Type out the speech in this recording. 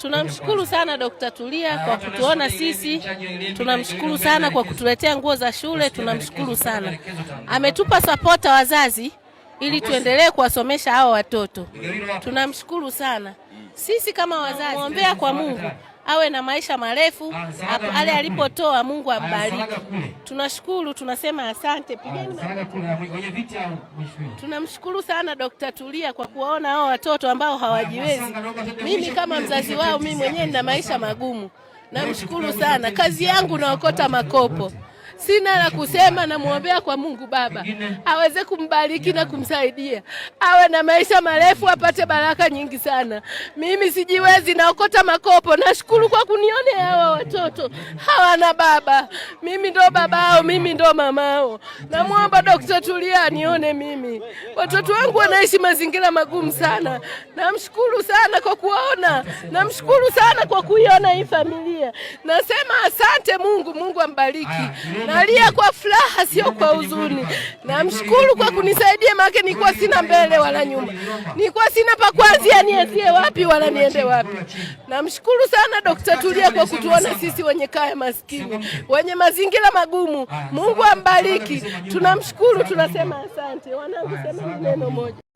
Tunamshukuru sana Dokta Tulia ah, kwa kutuona sisi, tunamshukuru sana kwa kutuletea nguo za shule, tunamshukuru sana. Ametupa mm. sapota wazazi ili tuendelee kuwasomesha hao watoto, tunamshukuru sana. Sisi kama wazazi muombea kwa Mungu awe na maisha marefu ah, pale alipotoa. Mungu ambariki. Tunashukuru, tunasema asante. Ah, Pigeni. Tunamshukuru sana dokta Tulia kwa kuwaona hao watoto ambao hawajiwezi. Mimi kama mzazi wao, mimi mwenyewe nina maisha magumu. Namshukuru sana, kazi yangu naokota makopo. Sina la kusema, namwombea kwa Mungu Baba aweze kumbariki na kumsaidia, awe na maisha marefu, apate baraka nyingi sana. Mimi sijiwezi, naokota makopo. Nashukuru kwa kunionea hawa watoto, hawana baba, mimi ndo babao, mimi ndo mamao. Namwomba Dokta Tulia nione mimi. Watoto wangu wanaishi mazingira magumu sana. Namshukuru sana kwa kuona, namshukuru sana kwa kuiona hii familia. Nasema asante Mungu, Mungu ambariki nalia kwa furaha, sio kwa huzuni. Namshukuru kwa kunisaidia, maana nilikuwa sina mbele wala nyuma, nilikuwa sina pa kuanzia, nianzie wapi wala niende wapi. Namshukuru sana Dokta Tulia kwa kutuona sisi wenye kaya maskini, wenye mazingira magumu. Mungu ambariki, tunamshukuru, tunasema asante. Wanangu, sema neno moja.